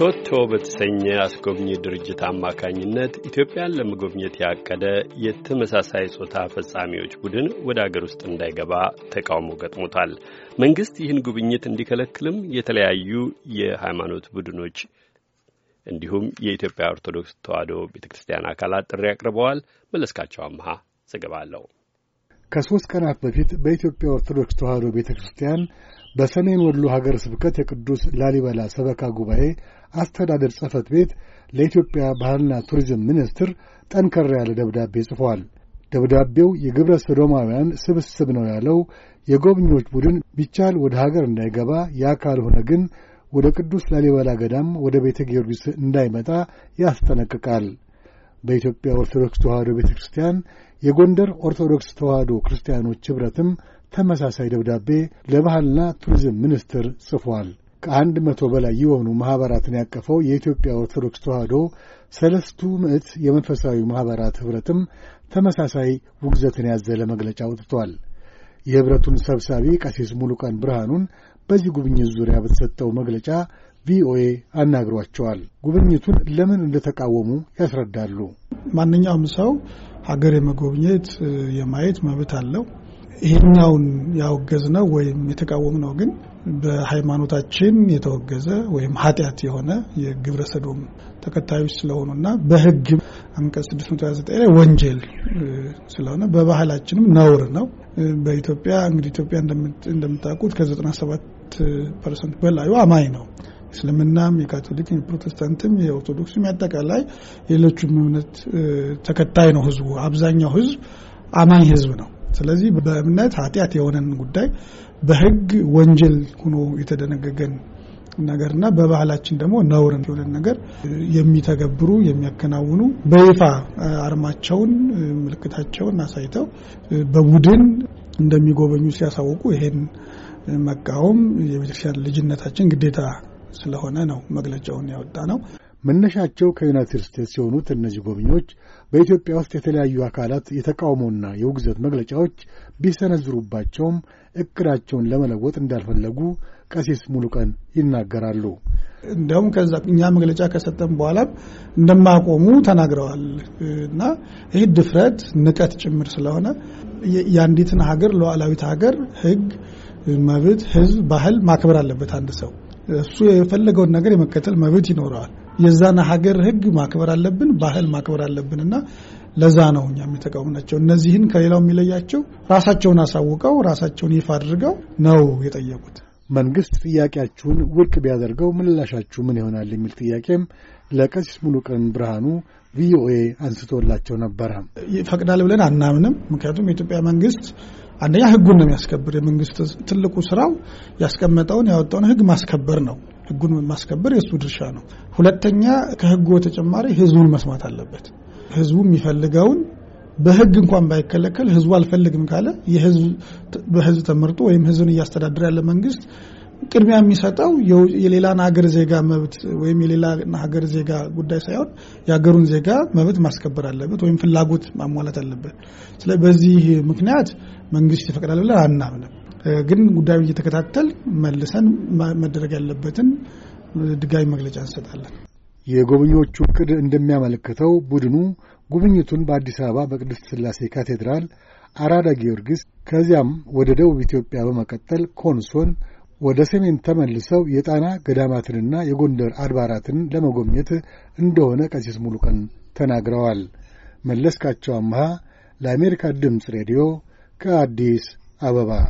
ቶቶ በተሰኘ አስጎብኚ ድርጅት አማካኝነት ኢትዮጵያን ለመጎብኘት ያቀደ የተመሳሳይ ጾታ ፈጻሚዎች ቡድን ወደ አገር ውስጥ እንዳይገባ ተቃውሞ ገጥሞታል። መንግስት ይህን ጉብኝት እንዲከለክልም የተለያዩ የሃይማኖት ቡድኖች እንዲሁም የኢትዮጵያ ኦርቶዶክስ ተዋሕዶ ቤተ ክርስቲያን አካላት ጥሪ አቅርበዋል። መለስካቸው አምሃ ዘገባ አለው። ከሦስት ቀናት በፊት በኢትዮጵያ ኦርቶዶክስ ተዋሕዶ ቤተ ክርስቲያን በሰሜን ወሎ ሀገር ስብከት የቅዱስ ላሊበላ ሰበካ ጉባኤ አስተዳደር ጽሕፈት ቤት ለኢትዮጵያ ባህልና ቱሪዝም ሚኒስትር ጠንከር ያለ ደብዳቤ ጽፏል። ደብዳቤው የግብረ ሰዶማውያን ስብስብ ነው ያለው የጎብኚዎች ቡድን ቢቻል ወደ ሀገር እንዳይገባ፣ ያ ካልሆነ ግን ወደ ቅዱስ ላሊበላ ገዳም ወደ ቤተ ጊዮርጊስ እንዳይመጣ ያስጠነቅቃል። በኢትዮጵያ ኦርቶዶክስ ተዋሕዶ ቤተ ክርስቲያን የጎንደር ኦርቶዶክስ ተዋሕዶ ክርስቲያኖች ኅብረትም ተመሳሳይ ደብዳቤ ለባህልና ቱሪዝም ሚኒስትር ጽፏል። ከአንድ መቶ በላይ የሆኑ ማኅበራትን ያቀፈው የኢትዮጵያ ኦርቶዶክስ ተዋሕዶ ሰለስቱ ምዕት የመንፈሳዊ ማኅበራት ኅብረትም ተመሳሳይ ውግዘትን ያዘለ መግለጫ አውጥቷል። የኅብረቱን ሰብሳቢ ቀሲስ ሙሉቀን ብርሃኑን በዚህ ጉብኝት ዙሪያ በተሰጠው መግለጫ ቪኦኤ አናግሯቸዋል። ጉብኝቱን ለምን እንደተቃወሙ ያስረዳሉ። ማንኛውም ሰው ሀገር የመጎብኘት የማየት መብት አለው። ይሄኛውን ያወገዝ ነው ወይም የተቃወም ነው ግን በሃይማኖታችን የተወገዘ ወይም ኃጢአት የሆነ የግብረ ሰዶም ተከታዮች ስለሆኑና በሕግ አንቀጽ 629 ላይ ወንጀል ስለሆነ በባህላችንም ነውር ነው። በኢትዮጵያ እንግዲህ ኢትዮጵያ እንደምታውቁት ከ97 ፐርሰንት በላዩ አማኝ ነው። እስልምናም የካቶሊክም የፕሮቴስታንትም የኦርቶዶክስም ያጠቃላይ የሌሎቹም እምነት ተከታይ ነው ህዝቡ። አብዛኛው ህዝብ አማኝ ህዝብ ነው። ስለዚህ በእምነት ኃጢአት የሆነን ጉዳይ በህግ ወንጀል ሆኖ የተደነገገን ነገርና በባህላችን ደግሞ ነውር የሆነን ነገር የሚተገብሩ የሚያከናውኑ በይፋ አርማቸውን ምልክታቸውን አሳይተው በቡድን እንደሚጎበኙ ሲያሳውቁ ይሄን መቃወም የቤተክርስቲያን ልጅነታችን ግዴታ ስለሆነ ነው መግለጫውን ያወጣ ነው። መነሻቸው ከዩናይትድ ስቴትስ የሆኑት እነዚህ ጎብኚዎች በኢትዮጵያ ውስጥ የተለያዩ አካላት የተቃውሞና የውግዘት መግለጫዎች ቢሰነዝሩባቸውም እቅዳቸውን ለመለወጥ እንዳልፈለጉ ቀሲስ ሙሉቀን ይናገራሉ። እንዲያውም ከዛ እኛ መግለጫ ከሰጠን በኋላም እንደማቆሙ ተናግረዋል እና ይህ ድፍረት ንቀት ጭምር ስለሆነ የአንዲትን ሀገር ሉዓላዊት ሀገር ሕግ፣ መብት፣ ሕዝብ፣ ባህል ማክበር አለበት አንድ ሰው እሱ የፈለገውን ነገር የመከተል መብት ይኖረዋል። የዛን ሀገር ህግ ማክበር አለብን፣ ባህል ማክበር አለብን እና ለዛ ነው እኛ ናቸው። እነዚህን ከሌላው የሚለያቸው ራሳቸውን አሳውቀው ራሳቸውን ይፋ አድርገው ነው የጠየቁት። መንግስት ጥያቄያችሁን ውድቅ ቢያደርገው ምላሻችሁ ምን ይሆናል የሚል ጥያቄም ለቀሲስ ሙሉቀን ብርሃኑ ቪኦኤ አንስቶላቸው ነበረ። ይፈቅዳል ብለን አናምንም። ምክንያቱም የኢትዮጵያ መንግስት አንደኛ ህጉን ነው የሚያስከብር። የመንግስት ትልቁ ስራው ያስቀመጠውን ያወጣውን ህግ ማስከበር ነው። ህጉን ማስከበር የእሱ ድርሻ ነው። ሁለተኛ ከህጉ በተጨማሪ ህዝቡን መስማት አለበት። ህዝቡ የሚፈልገውን በህግ እንኳን ባይከለከል ህዝቡ አልፈልግም ካለ የህዝብ በህዝብ ተመርጦ ወይም ህዝብን እያስተዳደረ ያለ መንግስት ቅድሚያ የሚሰጠው የሌላን ሀገር ዜጋ መብት ወይም የሌላ ሀገር ዜጋ ጉዳይ ሳይሆን የሀገሩን ዜጋ መብት ማስከበር አለበት ወይም ፍላጎት ማሟላት አለበት። ስለዚህ በዚህ ምክንያት መንግስት ይፈቅዳል ብለን አናምንም። ግን ጉዳዩ እየተከታተል መልሰን መደረግ ያለበትን ድጋሚ መግለጫ እንሰጣለን። የጎብኚዎቹ እቅድ እንደሚያመለክተው ቡድኑ ጉብኝቱን በአዲስ አበባ በቅድስት ስላሴ ካቴድራል፣ አራዳ ጊዮርጊስ፣ ከዚያም ወደ ደቡብ ኢትዮጵያ በመቀጠል ኮንሶን ወደ ሰሜን ተመልሰው የጣና ገዳማትንና የጎንደር አድባራትን ለመጎብኘት እንደሆነ ቀሲስ ሙሉቀን ተናግረዋል። መለስካቸው አምሃ ለአሜሪካ ድምፅ ሬዲዮ ከአዲስ አበባ